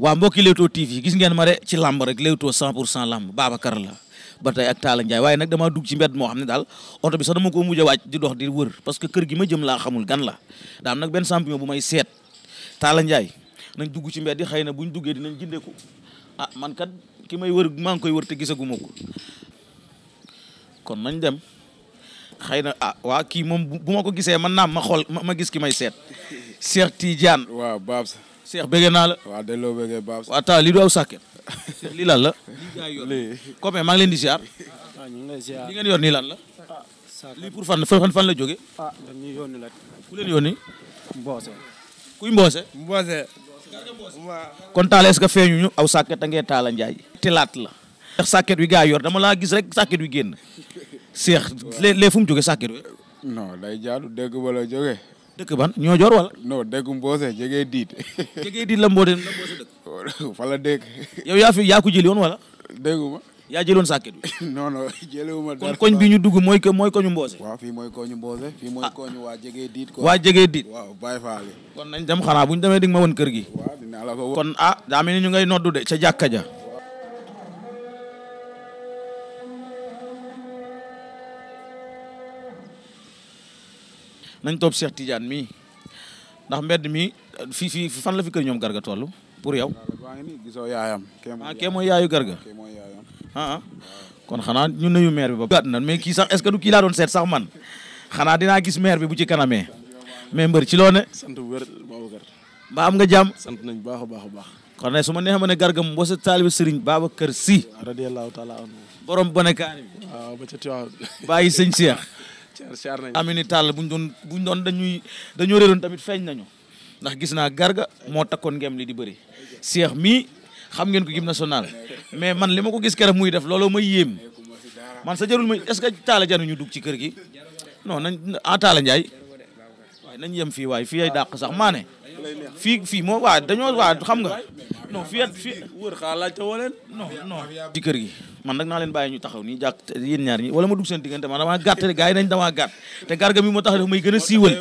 waaw mbokki Leewtoo TV gis ngeen ma de ci lamb rek Leewtoo 100 pour cent lamb Babacar la ba tey ak Talla Ndiaye waaye nag damaa dug ci mbedd moo xam ne daal oto bi sax dama ko mujj a wàcc di dox di wër parce que kër gi ma jëm laa xamul gan la daam nag benn champion bu may seet Talla Ndiaye nañ dugg ci mbedd yi xëy na buñ duggee dinañ jëndee ko ah man kat ki may wër maa ngi koy wër te gisaguma ko kon nañ dem xëy na ah waa kii moom bu ma ko gisee man naam ma xool ma gis ki may seet Cheikh Tidiane waaw Babs Cheikh bëggee naa la. waaw delloo bëggee du aw sàkket. Cheikh lii la. lii gars yi yor copain leen di ziar. Ah, li ngeen yor nii lan la. Ah, lii pour fan fan la jógee. ah dañuy yónni ku leen yónni. Mboose. kuy Mboose. Mboose. kon taal est feeñu ñu aw sàkket a ngee taala Njaay. laat la. Cheikh sàkket wi gars yor dama laa gis rek sàkket wi génn. Cheikh lee lee fu sàkket wi. dëkk ban ñoo joor wala. non dëkku Mboose jegee diit. jege diit la Mboose la Mboose dëkk. fa dëkk. yow yaa fi yaa ko jëli woon wala. déggu ma. yaa jëloon sàkket bi. non non jëlewuma koñ bi ñu dugg mooy ko mooy koñu Mboose. waaw fii mooy koñu Mboose. fii mooy ah. koñu waa jege diit. waa jege diit. waaw Baye Fall. kon nañ dem xanaa bu ñu demee di nga ma won kër gi. waaw dinaa la ko kon ah daa mel ni ñu ngay noddu de ca jàkka ja. nañ topp Cheikh Tidiane mii ndax mbedd mi fi fi fan la fi kër ñoom garga toll pour yow. waaw ngi nii gisoo yaayam. ah kee mooy yaayu garga. Ah, ah kon xanaa ñu nuyu maire bi ba. gàtt na mais kii sax est-ce que du kii doon seet sax man xanaa dinaa gis maire bi bu ci kanamee mais mbër ci loo ne. sant bu wér Babacar. mbaa am nga jàmm. sant nañ baax a baax baax. kon nag su ma neexee ma ne garga mu wasa taaliba Serigne Babacar si radiyallahu taala anhu. borom bonekaani bi. waaw ba ca Tiwaawan. sëñ Cheikh. amini tàll buñ doon buñ doon dañuy dañoo réeroon tamit feeñ nañu ndax gis naa garga moo takkoon ngeem li di bëri seex mii xam ngeen ko gim national mais man li ma ko gis keroog muy def loolo ma yéem man sa jarul ma est-ce que taala januñu dugg ci kër gi no nañ a ah, taala Njaay waaye nañ yem fii waaye fii ay dàq sax maa fii fii moom waa xam nga non fii at fii wër xaa laajte woo leen non non ci kër gi man nag naa leen bàyyi ñu taxaw nii jàkk yéen ñaar ñi wala ma dugg seen diggante man damaa gàtt gars yi nañ ga gàtt te garga mi moo tax daf may gën a siiwal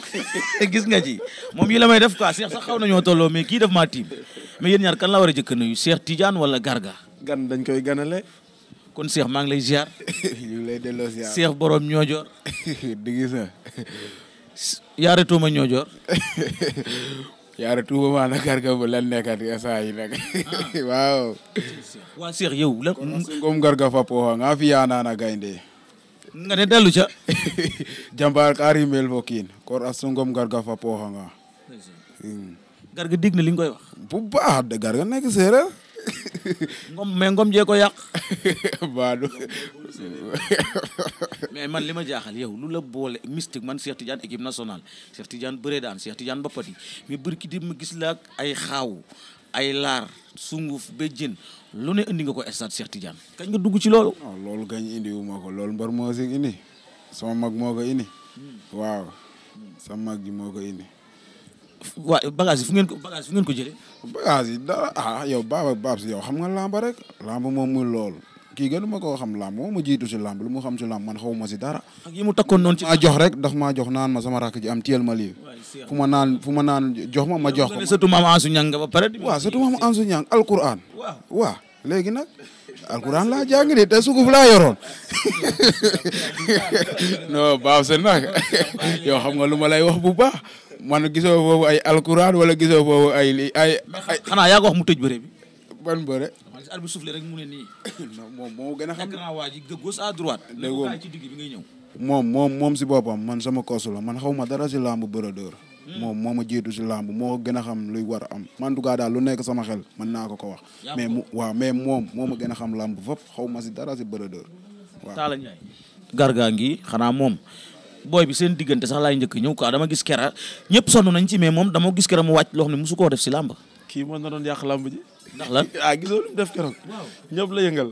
gis nga ci moom yi la may def quoi seex sax xaw nañoo tolloo mais kii def maa tiim mais yéen ñaar kan la war a jëkk nuyu Cheikh Tidiane wala garga gan dañ koy ganale kon Cheikh maa ngi lay ziar ñu lay delloo ziar Cheikh borom ñoojoor digis na yaara tuuma ñoo joor yaara tuuma maa na garga bu lan nekkat saa yi ah. waaw waa Cheikh yow la ngom garga fa pooxa nga fiya nana gaynde nga ne dellu ca jambaar kaari mel fo kiin kor a sungom garga fa pooxa nga mm. garga dig na li koy wax bu baax de garga nekk séeréer ngom mais ngom jee ko yàq. baadu. mais man li ma jaaxal yow lu la boole mystique man Cheikh Tidiane équipe nationale Cheikh Tidiane bëree daan Cheikh Tidiane ba pati mais bërki di ma gis la ay xaaw ay laar sunguf ba jën lu ne indi nga ko stade Cheikh Tidiane. kañ nga dugg ci loolu. waaw loolu kañ ko loolu mbar moo si sama mag moo ko indi. Hmm. waaw sama mag ji moo ko indi. waa bagage yi fu ngeen ko bagage yi fu ngeen ko jëlee. bagage yi dara ah yow baaba baab si yow xam nga làmb rek làmb moom lool kii gënu ma koo xam làmb moom mu jiitu si làmb lu mu xam si làmb man xaw ma si dara. ak yi mu takkoon noonu ci. maa jox rek daf maa jox naan ma sama rakk ji am teel ma lii. fu ma naan fu ma jox ma ma jox ko. surtout ma Ansu Ñang nga ba pare. waaw surtout maam Ansu Ñang alquran. waaw waaw léegi alxuraan laa jàng de te suguf laa yoroon non baaw seen nag yow xam nga lu ma lay wax bu baax man gisoo foofu ay wala gisoo foofu ay li ay. xanaa yaa ko mu tëj bëre bi. ban bëre. man si arbitre rek mu ne nii. non moo gën a xam. nekk waa ji de gauche à ci digg bi ñëw. moom moom moom si boppam man sama koosu la man xaw ma dara si lambu bëre dóor. Hmm. moom moo ma jiitu si làmb moo gën a xam luy war a am man en tout cas daal lu nekk sama xel man naa ko ko wax mais mu waaw mais moom moo ma gën a xam làmb fop xaw ma si dara si bërëdër waaw Talla Ndiaye gargaa ngi xanaa moom booy bi seen diggante sax laay njëkk ñëw quoi dama gis kera ñëpp sonn nañ ci mais moom dama gis kera mu wàcc loo xam ne mosu koo def si làmb kii mën na doon yàq làmb ji ndax lan ah gisoo lu mu def keroog ñëpp la yëngal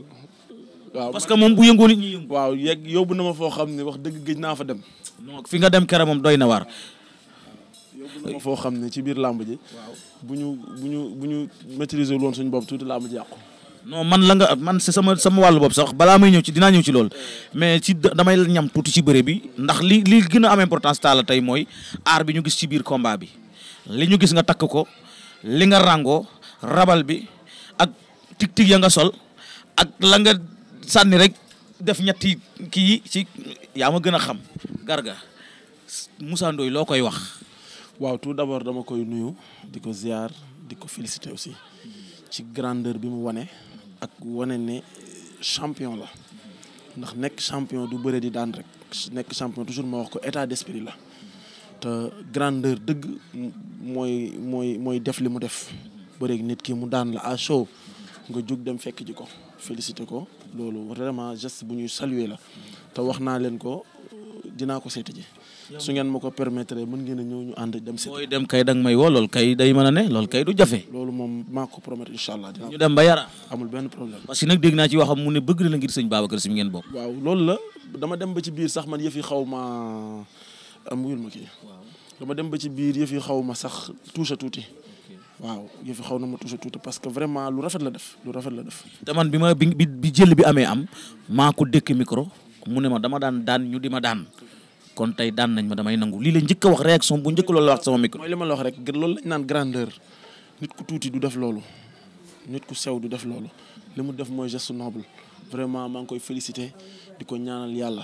waaw parce que moom bu yëngoo nit ñi yëngu waaw yegg yóbbu na ma foo xam ne wax dëgg géej naa fa dem non fi nga dem kera moom doy na waar foo xam ne ci biir làmb ji. bu ñu bu ñu bu ñu maîtriser woon suñu bopp tuuti làmb ji yàqu. non man la nga man c'est sama sama wàllu bopp sax balaa may ñëw ci dinaa ñëw ci loolu mais ci damay ñam tuuti ci bëre bi ndax li li gën a am importance taala tey mooy aar bi ñu gis ci biir combat bi li ñu gis nga takk ko li nga ràngoo rabal bi ak tig-tig ya nga sol ak la nga sànni rek def ñetti kii ci yaa ma gën a xam garga Moussa loo koy wax waaw tout d'abord dama koy nuyu di ko ziar di ko féliciter aussi ci grandeur bi mu wane ak wane ne champion la ndax nekk champion du bëre di daan rek nekk champion toujours ma wax ko état d'esprit la te grandeur dëgg mooy mooy mooy def li mu def bëreeg nit ki mu daan la à chaud nga jug dem fekk ji ko félicité ko loolu vraiment geste bu ñuy saluer la te wax naa leen ko dinaa ko seeti ji su ngeen ma ko permettre mën ngeen a ñëw ñu ànd dem seeti dem kay danga may woo lool kay day mën a ne loolu kay du jafe loolu moom maa ko promettre incha dem ba yara amul benn problème parce que naa ci waxam mu ne bëgg na la ngir la dama dem ba ci biir sax man yëf yi xaw ma am wuyul ma kii dama dem ba ci biir yëf yi xaw ma sax tuusa tuuti waaw yëf xaw na ma toujours tuuti parce que vraiment lu rafet la def lu rafet la def. te bi ma bi bi jël bi amee am maa ko dëkk micro mu ne ma dama daan daan ñu di ma daan. kon tey daan nañ ma damay nangu lii la njëkk a wax réaction bu njëkk loolu la wax sama micro. mooy li ma la wax rek loolu lañ naan grandeur nit ku tuuti du def loolu nit ku sew du def loolu li mu def mooy geste noble vraiment maa ngi koy félicité di ko ñaanal yàlla.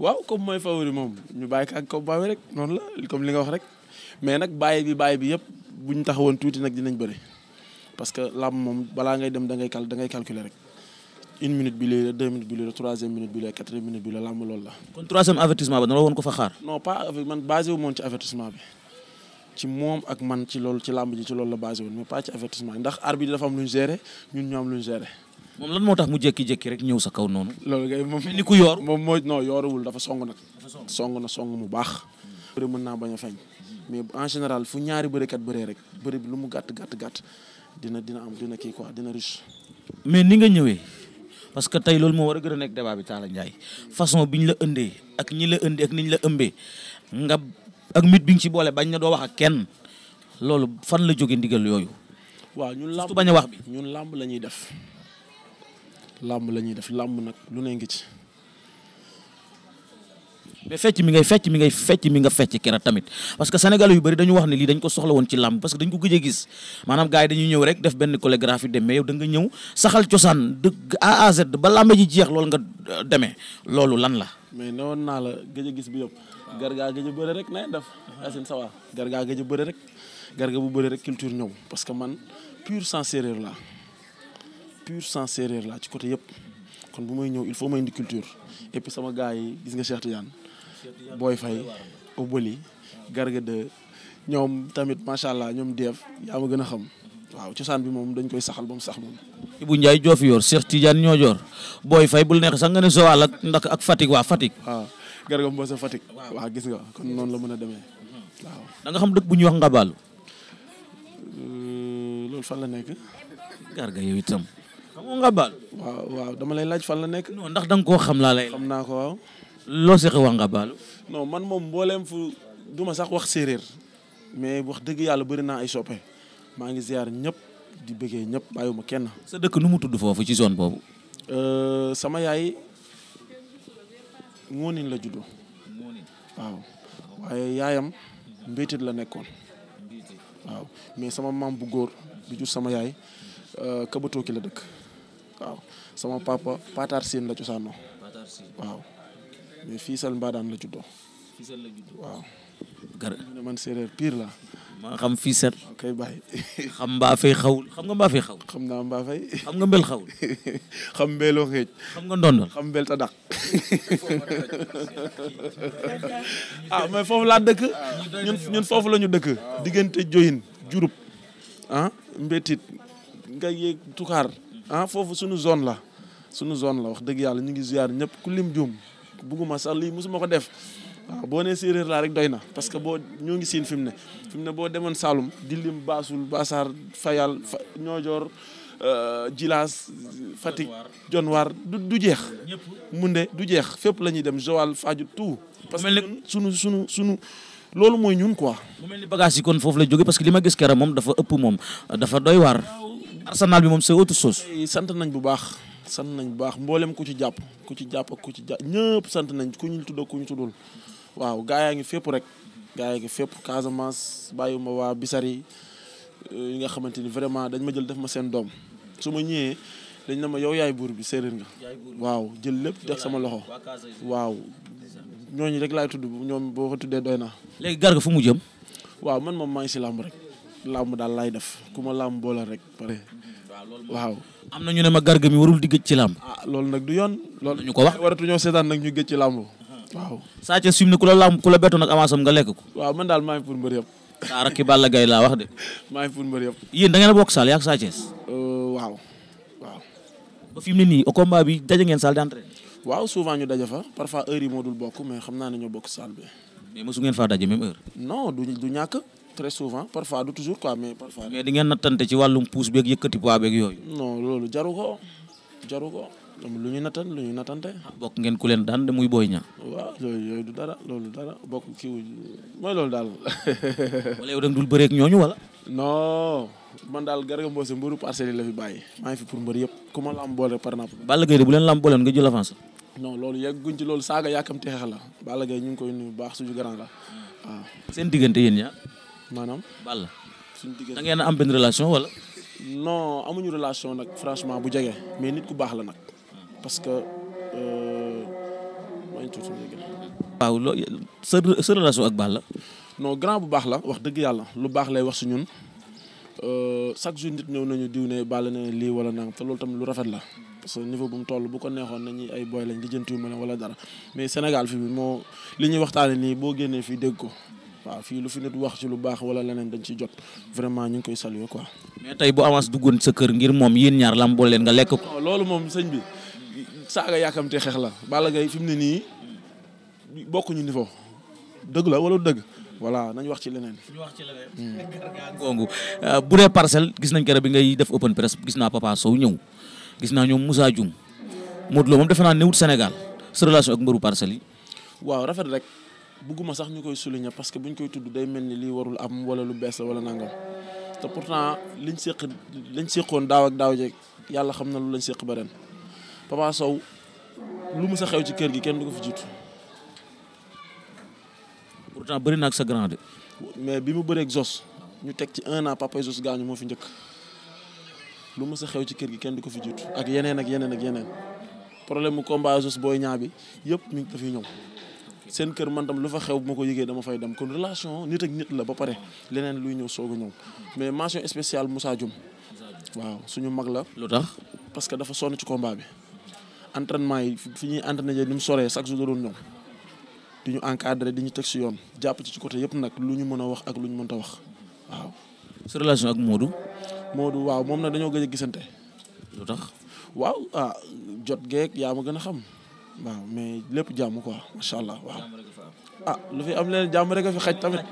waaw comme mooy favori moom ñu bàyyi ko ak combat bi rek noonu la comme li nga wax rek mais nag bàyyi bi baay bi yëpp bu ñu taxawoon tuuti nag dinañ bëri parce que làmb moom balaa ngay dem da ngay cal da ngay calculer rek une minute bi lay la deux minutes bi lay la troisième minute bi lay la quatrième minute bi la làmb loolu la. kon troisième avertissement ba dina la woon ko fa xaar. non pas man bi ci moom ak man ci loolu ci làmb ji ci loolu la ba woon ndax arbitre dafa am lu ñu géré moom lan moo tax mu jékki-jékki rek ñëw sa kaw noonu. loolu kay moom ni ku yor moom mooy non yoruwul dafa song nag. song na song mu baax. bëri mën naa bañ a feeñ. mais en général fu ñaari bërekat bëree rek bëri bi lu mu gàtt gàtt gàtt dina dina am dina kii quoi dina mais ni nga ñëwee parce que tey loolu moo war a gën a nekk débat bi Talla Ndiaye façon bi ñu la ëndee ak ñii la ëndee ak ni ñu la ëmbee nga ak mit bi nga ci boole bañ na doo wax ak kenn loolu fan la jóge ndigal yooyu. waaw ñun làmb bañ a wax bi ñun làmb la ñuy def. làmb la ñuy def làmb nag lu ne ngi ci. mais fecc mi ngay fecc mi ngay fecc mi nga fecc kera tamit parce que sénégalais yu bëri dañu wax ne lii dañ ko soxla woon ci làmb parce que dañ ko gëj gis maanaam gars yi dañuy ñëw rek def benn chorégraphie dem mais yow da nga saxal cosaan dëgg A à Z ba làmb ji jeex loolu nga euh, demee loolu lan la. mais ne woon naa la gëj a gis bu yëpp. gargaa gëj a bëri rek nay def. asin sawa gargaa gëj a bëri rek garga bu bëri rek culture ñëw parce que man pur sans séeréer la pur sans séeréer laa ci côté yëpp kon bu may ñëw il faut may indi culture et puis sama gars gis nga Cheikh Tidiane Boy Faye Obali Garga de tamit macha allah ñoom Dieuf yaa gën a xam waaw cosaan bi moom dañ koy saxal ba sax moom. Ibou Ndiaye joofi yor Cheikh ñoo joor Boy Faye bul neex sax nga ne Joal ak ndax ak Fatick waa Fatick. waaw Garga Mbossé Fatick. waaw gis nga kon noonu la mën a demee waaw. da nga xam dëkk bu ñuy wax Ngabalu. Euh, loolu fan la nekk. Garga yow itam. xam nga Ngabane. waaw dama lay laaj fan la nekk. non ndax da nga xam laa lay. xam naa ko waaw. loo seq man moom mbooleem fu duma sax wax séeréer mais wax dëgg yàlla bëri naa ay soppe maa ngi ziar ñëpp di bëggee ñëpp bàyyiwuma kenn. sa dëkk nu mu tudd foofu ci zone boobu. Euh, sama yaay ngoonin la juddoo. waaw waaye yaayam mbéytit la nekkoon. waaw mais sama maam bu góor jur sama yaay euh, kabatoo ki la dëkk. waaw sama papa Patar Sine la cosaanoo waaw mais Fiisal Mbadaan la juddoo. Fiisal la juddoo waaw. gar la. maa xam Fiisal. ok bàyyi. xam mbaa fay xawul xam nga mbaa fay xam naa mbaa fay. xam nga mbel xawul. xam mbeloo xeej. xam nga ndondal xam mbel ta dàq. ah mais laa dëkk. ñun ñun foofu la ñu dëkk. diggante Joyin Diouroup ah, Mbetit nga yeeg Toucar. ah foofu sunu zone la sunu zone la wax dëgg yàlla ñu ngi ziar ñëpp ku lim juum bugguma sax lii mosuma ko def boo nee séeréer laa rek doy na parce que boo ñoo ngi siin fi mu ne fi mu ne boo demoon Saalum di lim baasul baasaar fayal fa ñoojoor euh, jilaas Fatick jonwaar du du jeex mun de du jeex fépp la ñuy dem Joal Fadiouth tout parce que sunu sunu sunu loolu mooy ñun quoi mu mel kon foofu la jóge parce que li ma gis kera moom dafa ëpp moom dafa doy waar Arsenal bi moom c'est autre chose. sant nañ bu baax sant nañ bu baax mboolem ku ci jàpp ku ci jàpp ak ku ci jàpp ñëpp sant nañ ku tudd ak ku ñu tuddul waaw gaa yaa ngi fépp rek gaa yaa ngi fépp Casamance bàyyiwuma waa Bisari euh, yi nga xamante ni vraiment dañ ma jël def ma seen doom su ma ñëwee dañ na ma yow yaay buur bi séeréer nga waaw jël lépp def sama loxo waaw ñooñu rek laay tudd ñoom boo ko tuddee doy na léegi Garga fu mu jëm waaw man moom maa ngi si làmb rek làmb daal laay def ku ma làmb boole rek pare waaw. am na ñu ne ma garga mi warul di gëj ci làmb. ah loolu nag du yoon. loolu ñu ko wax waratu ñoo seetaan nag ñu gëj ci làmb. waaw saa ca ne ku la làmb ku la bettoon nag avance nga lekk ko. waaw man daal maa ngi pour mbër yëpp. saa rakki Balla Gaye laa da ngeen a bokk saal yaak Sa Thiès. Euh, waaw waaw. ba fi mu bi daje ngeen saal di entraîné. waaw souvent ñu daje fa parfois heure yi moo dul bokk mais xam naa ne ñoo bokk saal bi. mais mosu ngeen faa daje même heure. non du du très souvent parfois du toujours quoi mais parfois. mais di ngeen nattante ci wàllum pousse beeg yëkkati poids beeg yooyu. non loolu jaru ko jaru ko lu ñu nattan lu ñu nattante. Ah, bokk ngeen ku leen daan de muy booy ña. waaw yooyu yooyu dara loolu dara bokk kii wu loolu daal. da nga dul bëreeg ñooñu wala. non man daal Garga Mbossé mbëru parcelles yi la fi bàyyi maa ngi fi pour mbër yëpp ku ma boole par exemple. Balla de bu leen la am boole nga jël avance. non loolu yegguñ ci loolu saaga yàkkamti xeex la Balla Gaye ñu ngi koy nuyu bu baax suñu grand la waaw. seen diggante yéen ñaar. maanaam. Balla suñu diggante da ngeen am benn relation wala. non amuñu relation nag franchement bu jege mais nit ku baax la nag parce que. Euh, waaw loo sa sa relation ak la noo grand bu baax la wax dëgg yàlla lu baax lay wax si ñun euh, chaque jour nit ñëw nañu diw ne Balla ne lii wala nangam te loolu tamit lu rafet la parce que niveau bu mu toll bu ko neexoon nañu ay boy lañ lijjantiwuma leen wala dara mais Sénégal fii moo li ñuy waxtaanee nii boo génnee fii dégg ko. waaw fii lu fi nit wax ci lu baax wala leneen dañ ciy jot vraiment ñu ngi koy saluer quoi. mais tey bu avance duggoon sa kër ngir moom yéen ñaar lam boole leen nga lekk ko. loolu moom sëñ bi saaga yàkkamte xeex la Balla Gaye fi mu ne nii bokkuñu niveau dëgg la wala dëgg. voilà nañ wax ci leneen. ñu wax ci leneen. Hmm. gongu euh, bu dee parcelle gis nañ keroog bi ngay def open press gis naa Papa Sow ñëw gis naa ñoom Moussa Dioum Modou Lo moom defe naa newut Sénégal sa relation ak mbëru parcelles yi. waaw rafet rek. bugguma sax ñu koy souligner parce que buñ koy tudd day mel ni lii warul am wala lu bees la wala nangam te pourtant lañ séq lañ séqoon daaw ak daaw jeeg yàlla xam na lu lañ séq ba ren Papa Sow lu mu sa xew ci kër gi kenn du ko fi jiitu. pourtant bëri na ak grande. mais bi mu bëree ñu teg ci un an papa moo fi njëkk lu mu sa xew ci kër gi kenn du ko fi jiitu ak yeneen ak yeneen ak yeneen problème mu combat Zos booy ñaa bi yëpp mi ngi dafay ñëw. seen kër man tam lu fa xew bu ma ko yëgee dama fay dem kon relation nit ak nit la ba pare leneen luy ñëw soogu a ñëw mais mention spéciale Moussa Dioum waaw suñu mag la. lu tax parce que dafa sonn ci kombaa bi entraînement yi fi ñuy entraîné ni mu soree chaque jour da doon di ñu encadré di ñu teg si yoon jàpp ci ci côté yëpp nag lu ñu mën a wax ak lu ñu mënta wax waaw. sa relation ak waaw moom nag dañoo gëj a gisante. lu tax waaw ah jot geek yaa ma gën a xam. waaw mais lépp jàmm quoi macha allah waaw. ah lu fi am leen jàmm rek a fi xaj tamit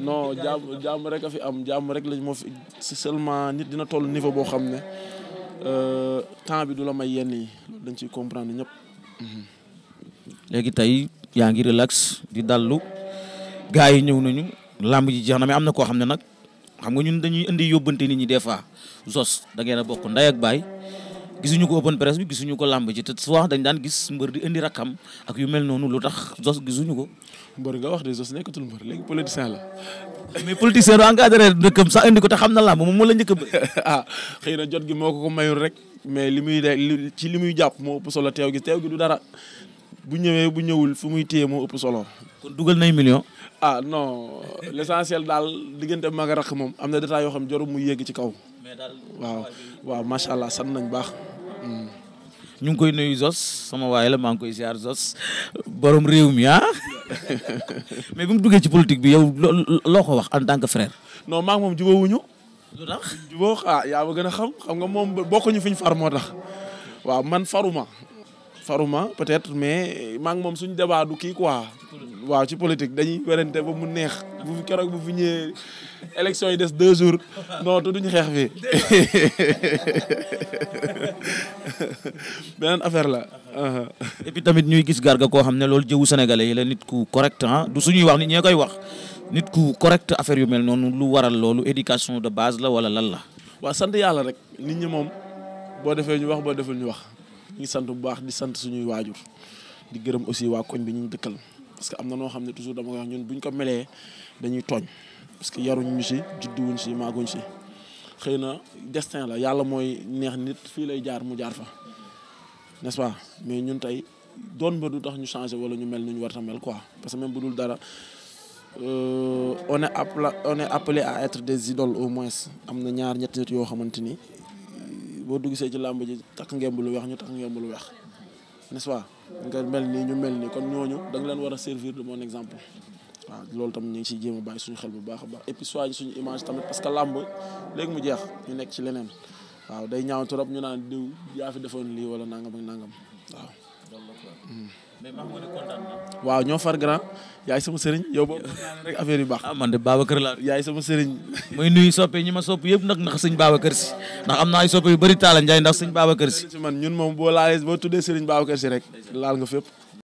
non jàmm jàmm rek a fi am jàmm rek lañ moo fi seulement nit dina toll niveau boo xam ne euh, temps bi du la may yenn yi loolu dañ ciy comprendre ñëpp. léegi tey yaa ngi relax di dallu gars yi ñëw nañu lamb ji jeex na mais am na koo xam ne nag xam nga ñun dañuy indi yóbbante nit ñi des fois Zos da ngeen a bokk nday ak baay. gisuñu ko open press bi gisuñu ko làmb ji te souvent dañ daan gis mbër di indi rakkam ak yu mel noonu lu tax Zoss gisuñu ko. mbër nga wax de Zoss nekkatul mbër léegi politicien la. mais politicien du encadré dëkkam sax indi ko xam na làmb moom la njëkk a bëri. Ah, xëy na jot gi moo ko ko mayul rek mais li muy de ci li muy jàpp moo solo teew gi teew gi du dara bu ñëwee bu ñëwul fu muy téye moo ëpp solo. kon dugal nay million. ah non l'essentiel daal diggante mag a rakk moom am na détails yoo xam jarul muy yéeg ci kaw. waaw waaw macha allah sant nañ baax. ñu ngi koy nuyu Zos sama waay la maa ngi koy ziar Zos borom réew mi ah mais bu mu duggee ci politique bi yow loo ko wax en tant que frère. non maa moom jubóowuñu. lu tax jubóo ah yaa gën a xam xam nga moom bokkuñu fi ñu far moo tax. waaw man faruma faruma peut-être mais maa ngi moom suñu débat du kii quoi. waaw ci politique dañuy werante ba mu neex. bu fi keroog bu fi ñëwee élection yi des deux jours non te duñu xeex fi beneen affaire la. Uh-huh. et puis tamit ñuy gis garga koo xam ne loolu jëwu sénégalais yi nit ku correct ah suñuy wax nit ñee koy wax nit ku correct affaire yu mel noonu lu waral loolu éducation de base la wala lan la. waaw sant yàlla rek nit ñi moom boo defee ñu wax boo deful ñu wax. ñu ngi sant bu baax di sant suñuy waajur di gërëm aussi waa koñ bi ñu dëkkal parce que am na noo xam ne toujours dama koy wax ñun buñ ko melee dañuy tooñ parce que yaruñ ñu si judduwuñ si maaguñ si xëy na destin la yàlla mooy neex nit fii lay jaar mu jaar fa n'est-ce mais ñun tey doon ba du tax ñu changer wala ñu mel ni war a mel quoi parce que même bu dul dara euh, on est appelé on est appelé à être des idoles au moins am na ñaar ñetti nit yoo xamante ni boo dugg see ci làmb ji takk ngemb lu weex ñu takk ngemb lu weex n'est-ce pas nga mel nii ñu mel nii kon ñooñu da nga leen war a servir de bon exemple waaw loolu tam ñu ngi ciy jéem a bàyyi suñu xel bu baax baax et puis soigne suñu image tamit parce que làmb léegi mu jeex ñu nekk ci leneen waaw day ñaaw trop ñu naan diw yaa fi defoon lii wala nangam ak nangam waaw Mm. waaw ñoo far grand yaay sama sëriñ yow boobu rek affaire yu baax. ah man de Babacar laa yaay sama sëriñ. mooy nuyu soppe ñi ma sopp yëpp nag ndax sëñ Babacar si ndax am na ay soppe yu bëri Talla Ndiaye ndax sëñ Babacar si. man ñun moom boo laalee boo tuddee sëriñ Babacar si rek laal nga fépp.